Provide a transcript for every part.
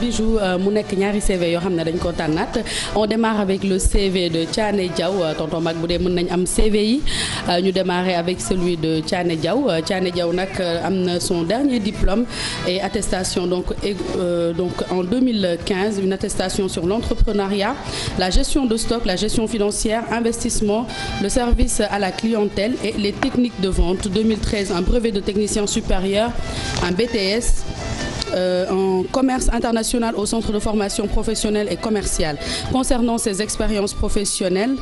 Bijou euh, mu nekk ñaari CV yoo xam ne dañ ko tànnaat on démarre avec le CV de Thiané Diaw euh, tonton mag bu mën nañ am CV yi euh, ñu démarrer avec celui de Thiané Diaw Thiané Diaw nag am na son dernier diplôme et attestation donc euh, donc en 2015 une attestation sur l'entrepreneuriat la gestion de stock la gestion financière investissement le service à la clientèle et les techniques de vente 2013 un brevet de technicien supérieur un BTS Euh, en commerce international au centre de formation professionnelle et commerciale. Concernant ses expériences professionnelles,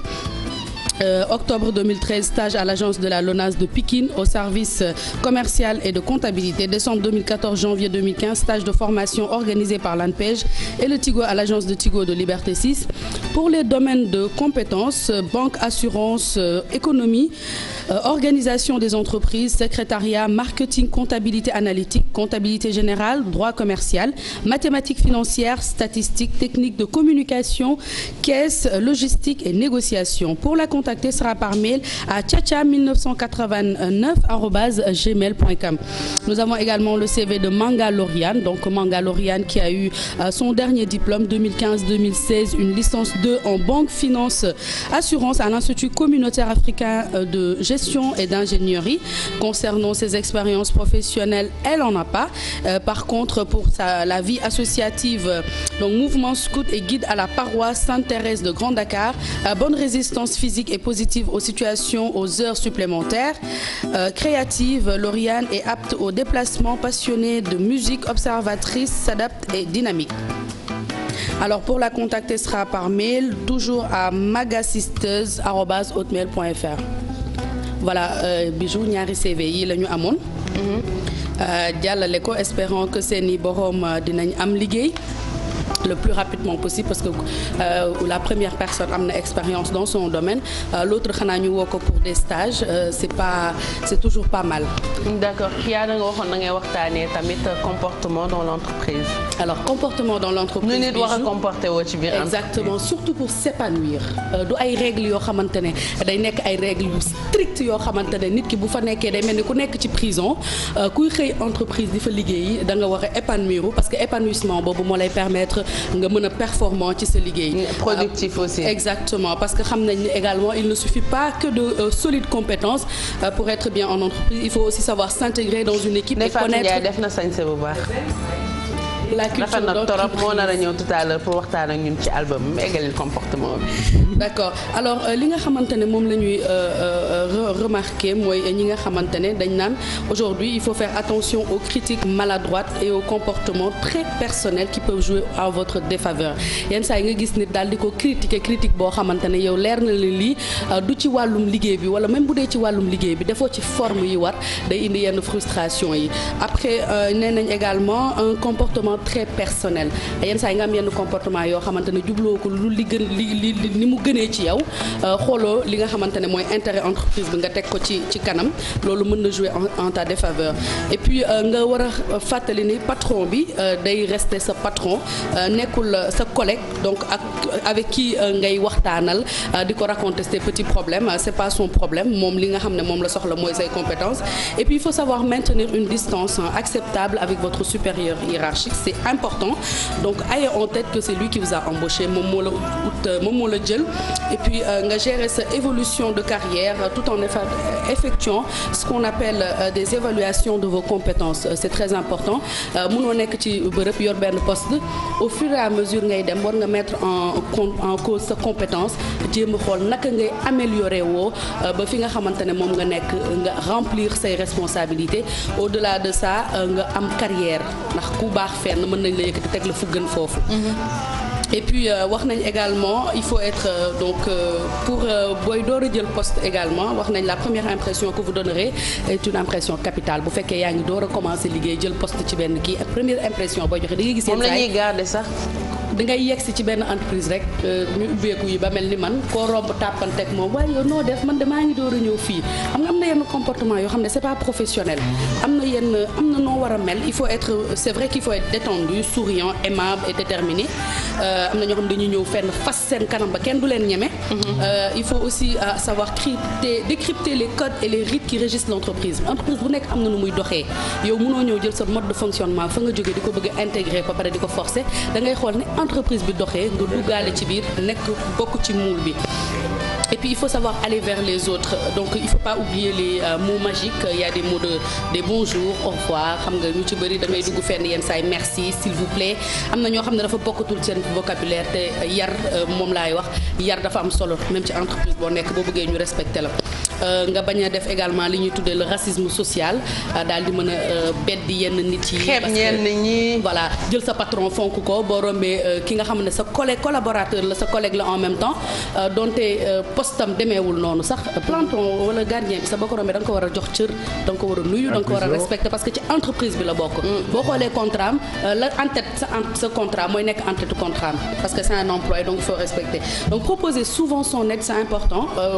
Euh, octobre 2013, stage à l'agence de la LONAS de Pikine au service euh, commercial et de comptabilité. Décembre 2014, janvier 2015, stage de formation organisé par l'ANPEJ et le Tigo à l'agence de Tigo de Liberté 6. Pour les domaines de compétences, euh, banque, assurance, euh, économie, euh, organisation des entreprises, secrétariat, marketing, comptabilité analytique, comptabilité générale, droit commercial, mathématiques financières, statistiques, techniques de communication, caisse, logistique et négociation. Pour la comptabilité, contacter sera par mail à tchatcha1989@gmail.com. Nous avons également le CV de Manga Lauriane, donc Manga Lauriane qui a eu euh, son dernier diplôme 2015-2016, une licence 2 en banque, finance, assurance à l'Institut communautaire africain euh, de gestion et d'ingénierie. Concernant ses expériences professionnelles, elle en a euh, par contre, pour sa, la vie à la paroisse Sainte-Thérèse de et positive aux situations aux heures supplémentaires. Euh, créative, Lauriane est apte aux déplacements, passionnée de musique, observatrice, s'adapte et dynamique. Alors pour la contacter sera par mail, toujours à magasisteuse.hotmail.fr voilà euh, bijou ñaari CV yi la ñu amoon. Mhm. Euh, jàllale ko espérant que seeni borom euh, dinañ am liggéey. le plus rapidement possible parce que euh, la première personne am na expérience dans son domaine euh, l'autre xanaa ñu woo ko pour des stages euh, c'est pas c'est toujours pas mal. d'accord Kya da nga waxoon da ngay waxtaanee tamit comportement dans l'entreprise. alors comportement dans l'entreprise. ñu nit war a comporter exactement surtout pour s'épanouir du ay règles yoo xamante ne day nekk ay règles yu yoo xamante ne nit ki bu fa nekkee day mel ni ku nekk ci prison kuy xëy entreprise di fa liggéey da nga war a épanouir boobu moo lay nga mën a performant ci sa liggéey. Mm, productif ah, aussi. exactement parce que xam nañ également il ne suffit pas que de euh, solides compétences euh, pour être bien en entreprise il faut aussi savoir s'intégrer dans une équipe. et connaître def na sañse bu baax. la culture rafet na torop moo nar a ñëw tout pour waxtaan ak ñun ci album mu eggalil comportement bi. d'accord alors euh, li nga xamante ne moom la ñuy euh, euh, mooy ñi nga xamante ne dañ naan aujourd'hui il faut faire attention aux critiques maladroites et aux comportements très personnels qui peuvent jouer en votre défaveur yenn saa yi nga gis nit daal di ko critiquer critique boo xamante ne yow leer na la lii du ci wàllum liggéey bi wala même bu dee ci wàllum liggéey bi defoo ci forme yi war day indi yenn frustration yi après nee comportement très personnel yenn saa yi nga am yenn comportement yoo xamante ne jubloo ko lu li gën li li ni mu gënee ci yow euh, xooloo li nga xamante ne mooy intérêt entreprise bi nga teg ko ci ci kanam loolu mën na jouer en ta défaveur et puis euh, nga war a fàttali ni patron bi euh, day rester sa patron nekkul sa collègue donc ak avec qui ngay waxtaanal di ko raconter ses petits problèmes c'est pas son problème moom li nga xam ne moom la soxla mooy say compétences et puis il faut savoir maintenir une distance acceptable avec votre c'est important donc ayez en tête que c'est lui qui vous a embauché moom moo la euh, moom moo la jël et puis euh, nga gérer sa évolution de carrière tout en effectuant ce qu'on appelle euh, des évaluations de vos compétences c'est très important munoo nekk ci bërëb yor benn poste au fur et à mesure ngay dem war nga mettre en en cause sa compétence jéem a xool naka ngay améliorer woo ba fi nga xamante ne moom nga nekk nga remplir say responsabilités au-delà de ça nga am carrière fenn mën nañ la yëkkati teg la fu gën foofu. Mm-hmm. et puis euh, wax nañ également il faut être euh, donc euh, pour booy door a jël poste également wax nañ la première impression que vous donnerez est impression capitale bu fekkee yaa ngi door a commencer liggéey jël poste ci benn kii ak première impression booy joxe da ngay gis. moom la ñuy sax. da ngay yegsi ci benn entreprise rek ñu euh, ubbeeku yi ba mel ni man koo romb tàppanteeg moom waaye yow noo def man de maa ngi door a ñëw fii xam nga am na yenn comportement yoo xam ne c'est pas professionnel am na yenn am war a mel il faut être c'est vrai qu'il faut être détendu souriant aimable et euh, ñoo xam dañuy ñëw fenn fas seen kanam ba kenn du leen ñeme mm-hmm. euh, il faut aussi savoir crypter décrypter les codes et les rites qui régissent l'entreprise entreprise bu nekk am na nu muy doxee yow mënoo ñëw jël sa mode de fonctionnement fa nga jógee di ko bëgg a intégrer ba di ko forcer da ngay xool entreprise bi doxee nga duggaale ci biir nekk bokk ci muul bi et puis il faut savoir aller vers les autres donc il faut pas oublier les euh, mots magiques il y a des mots de des bonjour au revoir xam nga ñu ci bëri damay dugg fenn yenn saay merci s'il vous plaît am na ñoo xam ne dafa bokkatul seen vocabulaire te yar euh, moom laay wax yar dafa am solo même ci entreprise boo nekk boo bëggee ñu respecté la Euh, nga bañ a def également li ñuy tuddee le racisme social euh, daal di mën a euh, beddi yenn nit yi. xeeb ñenn ñi voilà jël sa patron fonk ko boo rombee ki nga xam ne sa collègue collaborateur la sa collègue la en même temps donte postam demeewul noonu sax planton wala gardien bi sa boo ko rombee da ko war a jox cër da ko war a nuyu da ko war a respecter parce que ci entreprise bi la bokk. Mm. boo xoolee contrat am la en tête sa sa contrat mooy nekk en tête parce que c'est un employé donc il faut respecter donc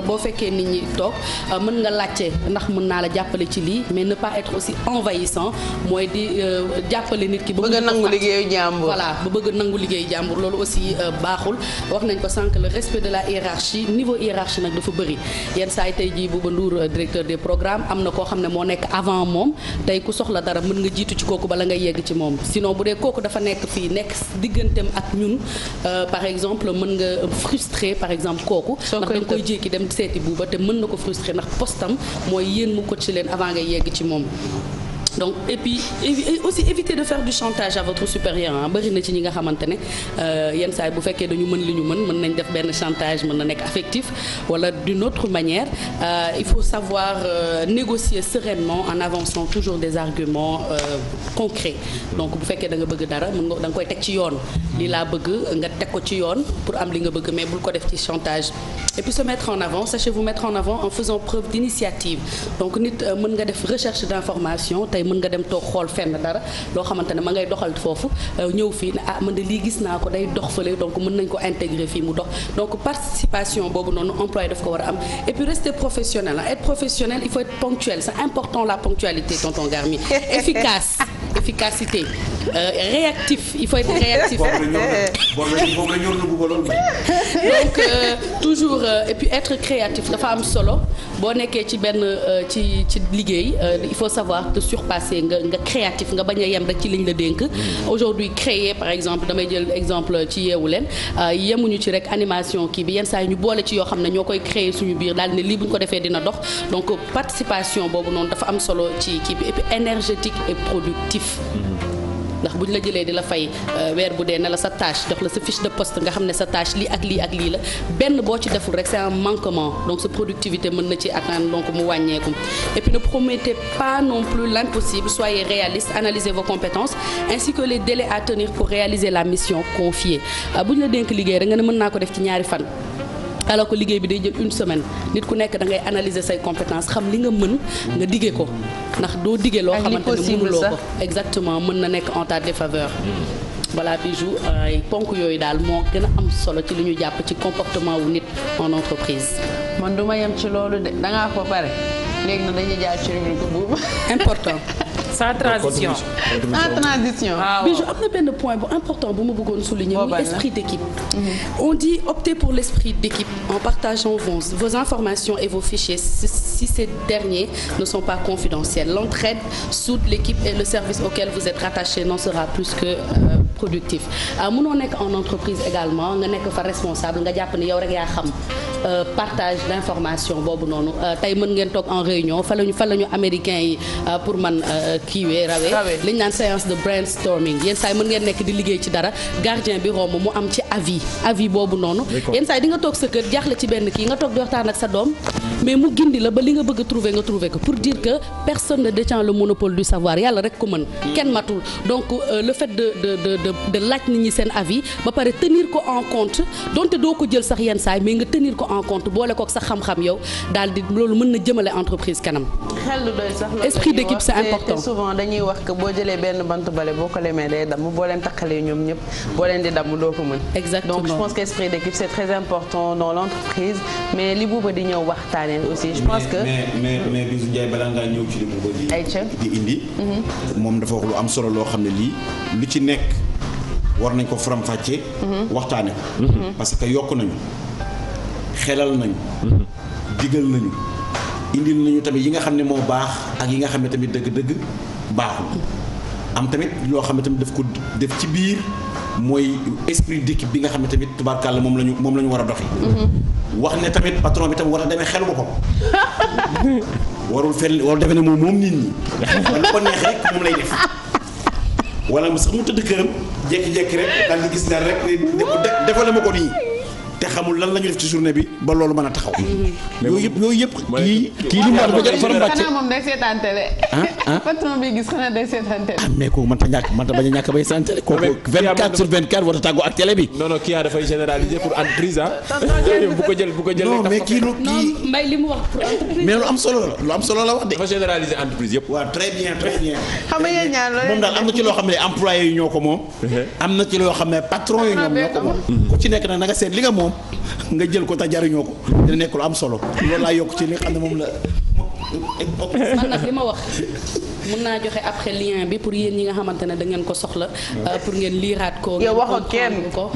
boo fekkee nit ñi toog. Euh, mën nga laajte ndax mën naa la jàppale ci lii mais ne pas être aussi envahissant mooy di euh, jàppale nit ki. ba bëgg nangu liggéeyu jàmbur voilà ba bëgg nangu liggéeyu jàmbur loolu aussi euh, baaxul wax nañ ko sànq le respect de la hiérarchie niveau hiérarchie nag dafa bari yenn saa yi tey jii ba Ndour directeur de programmes am na koo xam ne moo nekk avant moom tey ku soxla dara mën nga jiitu ci kooku bala ngay yegg ci moom sinon bu dee kooku dafa nekk fii nekk digganteem ak ñun par exemple mën nga frustré par exemple kooku. ndax risque ndax postam mooy yéen mu coach leen avant nga yegg ci moom donc et puis et éviter de faire du chantage à votre supérieur ah bëri na ci ñi nga xamante ne euh, yenn saa yi bu fekkee dañu mën li ñu mën mën nañ def benn chantage mën na nekk affectif wala d'une autre manière euh, il faut savoir euh, négocier sereinement en avançant toujours des arguments concrets donc bu fekkee da nga bëgg dara mën da nga koy teg ci yoon lii laa bëgg nga teg ko ci yoon pour am li nga bëgg mais bul ko def ci chantage et puis se mettre en avant sachez vous mettre en avant nit mën nga def recherche d'information tey mën nga dem toog xool fenn dara loo xamante ne ma ngay doxal foofu euh, ñëw fii ne ah man de lii gis naa ko day dox fële donc mën nañ ko intégrer fii mu dox donc participation boobu noonu employé daf ko war a am et puis rester professionnel ah être professionnel il faut être ponctuel c'est important la ponctualité tonton Garmi efficace efficacité Euh, réactif il faut être réactif. donc euh, toujours euh, dafa am solo boo nekkee ci benn ci ci liggéey il faut savoir te surpasser nga nga créatif nga bañ a yem rek ci liñ la dénk. aujourd'hui créer par exemple damay jël exemple ci yeewu leen yemuñu ci rek animation kii bi yenn saa yi ñu boole ci yoo xam ne ñoo koy créer suñu biir daal ne lii buñ ko defee dina dox donc participation boobu noonu dafa am solo ci kii bi et puis énergétique et productif. ndax bu ñu la jëlee di la fay euh, weer bu dee ne la sa tâche jox la sa fiche de poste nga xam ne sa tâche li ak lii ak lii la benn boo ci deful rek c'est un manquement donc sa productivité mën na ci atteindre donc mu wàññeeku et puis ne promettez pas non plus l'impossible soyez réaliste analysez vos compétences ainsi que les délais à tenir pour réaliser la mission confiée euh, bu ñu la dénk liggéey rek nga ne mën naa ko def ci ñaari fan alors ko liggéey bi day jël une semaine nit ku nekk da ngay analyser say compétence xam li nga mën nga diggee ko ndax doo diggee loo xamante ne mënuloo ko exactement mën na nekk en ta défaveur voilà bijou ay ponk yooyu daal moo gën a am solo ci li ñu jàpp ci comportement wu nit en entreprise. man du ma yem ci loolu de da ko pare léegi na dañuy jaar ci rubrique bu important. sans ah, transition. en ah, ah, am na benn point bu important bu ma bëggoon souligner. muy esprit d'équipe. Mhm. on dit optez pour l'esprit d'équipe en partageant vos vos informations et vos fichiers si ces derniers ne sont pas confidentiels l'entraide soude l'équipe et le service auquel vous êtes rattaché n'en sera plus que euh, productif mënoo nekk en entreprise également nga nekk fa responsable nga jàpp ne yow rek yaa xam. Euh, partage d'information boobu noonu euh, tey mën ngeen toog en réunion fa lañu fa lañu américains yi euh, pour man kiiwee rawee liñ naan séance de brainstorming yenn saa yi mën ngeen nekk di liggéey ci dara gardien bi romb mu am ci avis avis boobu noonu yenn saa yi di nga toog sa kër jaaxle ci benn kii nga toog di waxtaan ak sa doom mais mu gindi la ba li nga bëgg a trouver nga trouver ko pour dire que personne ne détient le monopole du savoir yàlla rek ko mën kenn matul donc le fait de de de de de laaj nit seen avis ba pare tenir ko en compte donte doo ko jël sax yenn saa mais nga tenir ko en compte boole kook sax xam-xam yow daal di loolu mën na jëmale entreprise kanam. xel lu doy sax esprit d'équipe c'est important dañuy wax que boo jëlee benn bant bale boo ko lemee day damm boo leen takkalee ñoom ñëpp boo leen di damm doo ko mën. exactement donc je pense que esprit d'équipe c'est très important dans l'entreprise mais li booba di ñëw waxtaanee aussi je pense que. mais mais mais Bisou Ndiaye balaa ngaa ñëw ci li booba di indi. Mhm. moom dafa wax lu am solo loo xam ne lii lu ci nekk war nañ ko faram-fàccee. Mhm. waxtaane ko. Mhm. parce que yokk nañu. xelal nañu digal nañu indil nañu tamit yi nga xam ne moo baax ak yi nga xam ne tamit dëgg-dëgg baaxul am tamit yoo xam ne tamit daf ko def ci biir mooy esprit d'équipe bi nga xam ne tamit tubaarkàlla moom lañu moom la war a doxi wax ne tamit patron bi tam war a demee xel ko warul fenn warul defe ne moom moom nit ñi lu ko neex rek moom lay def wala mu sax mu tëdd këram jékki-jékki rek daal di gis ne rek defale ma ko nii te xamul lan la def ci journée bi ba loolu mën a taxaw. Mm-hmm. yooyu yëpp kii kii li mu war a moom day am solo la lu am solo la wax de. dafa généraliser entreprise yëpp. waaw très bien très bien. xam nga yéen loolu moom am na ci loo xam ne employé yi ñoo ko moom. am na ci loo xam ne patron yi ñoom moom. ku ci nekk nag na seet li nga moom gannaaw nga jël ko te jariñoo ko dina nekk lu am solo loolu laa yokk ci li xam ne moom la. man nag li ma wax mun naa joxe après lien bi pour yéen ñi nga xamante ne da ngeen ko soxla. Euh, pour ngeen liiraat ko. yow wax ak kenn ko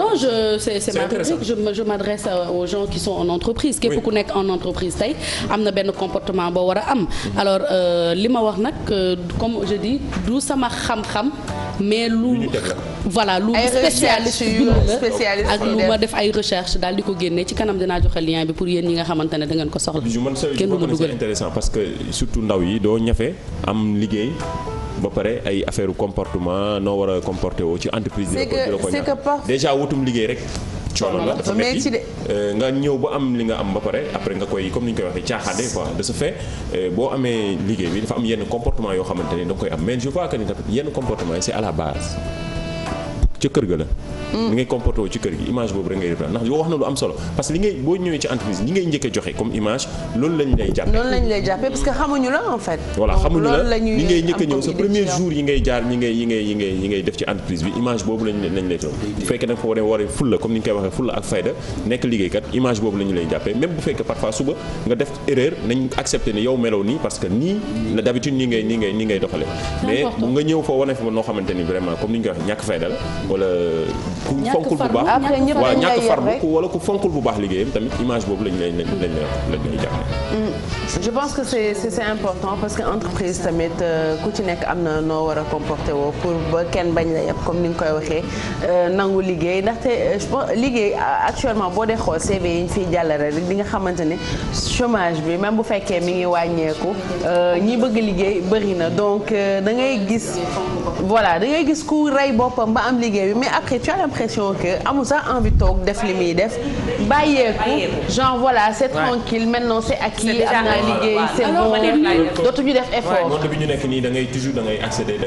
non je c'est ma rubrique je je m'adresse euh, aux gens qui sont en entreprise. képp ku nekk en entreprise tey am na benn comportement boo war a am. alors euh, li ma wax nag comme je dis du sama xam-xam. mais lu voilà lu spécialiste bind la ak lu ma def ay recherche daal di ko génne ci kanam dinaa joxe lien bi pour yéen ñi nga xamante ne da ko soxla kenn du ma dugal intéressant parce que surtout ndaw yi doo ñafe am liggéey ba pare ay affaire comportement noo war a comporté woo ci entreprise bi c'est que parfois déjà wutum liggéey rek coono la dafa metti euh, nga ñëw ba am li nga am ba pare après nga koy comme ni ñu koy waxee caaxaane quoi de ce fait euh, boo amee liggéey bi dafa am yenn comportement yoo xamante ne da nga koy am mais je vois que ni tamit yenn comportement yi c'est à la base ca kër ga la. li ngay comporté ci kër gi image boobu rek ngay def ndax yoo wax na lu am solo parce que li ngay boo ñëwee ci entreprise li ngay njëkk a joxe comme image loolu lañ lay jàppee. loolu lañ lay jàppee parce que xamuñu la en fait. voilà xamuñu la li ngay njëkk a ñëw sa premier jour yi ngay jaar yi ngay yi ngay yi ngay yi ngay def ci entreprise bi image boobu lañ lañ lay jox bu fekkee da nga fa war a war a fulla comme ni ñu koy waxee fulla ak fayda nekk liggéeykat image boobu la ñu lay jàppee même bu fekkee parfois suba nga def erreur nañ accepter ne yow meloo nii parce que nii la d'habitude nii ngay nii ngay nii ngay doxale mais nga ñëw fa wane fa noo xamante ni vraiment comme ni ñu koy wax ñàkk fayda la wala ku fonkul bu baax waaw ñàkk farlu ku wala ku fonkul bu baax liggéeyam tamit image boobu lañ lay lañ lañ lañ lay mm. je pense que c'est c'est important parce que entreprise tamit euh, ku ci nekk am na noo war a comporté woo pour ba kenn bañ la yëpp comme ni nga koy waxee euh, nangu liggéey ndaxte euh, je pense liggéey actuellement boo dee xool CV yi ñu fiy jàllale rek di nga xamante ne chômage bi même bu fekkee mi ngi wàññeeku ñi bëgg liggéey bëri na donc da ngay gis voilà da gis ku rey boppam ba am liggéey bi mais après l'impression que amul sax envie toog def li muy def bàyyeeku genre voilà c'est tranquille maintenant c'est acquis am naa liggéey c'est bon dootuñu def effort monde bi ñu nekk nii da ngay toujours da ngay accéder da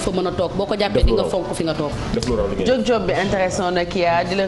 fa mën a toog boo ko jàppee di nga fonk fi nga toog. jóg job bi intéressant na kii di la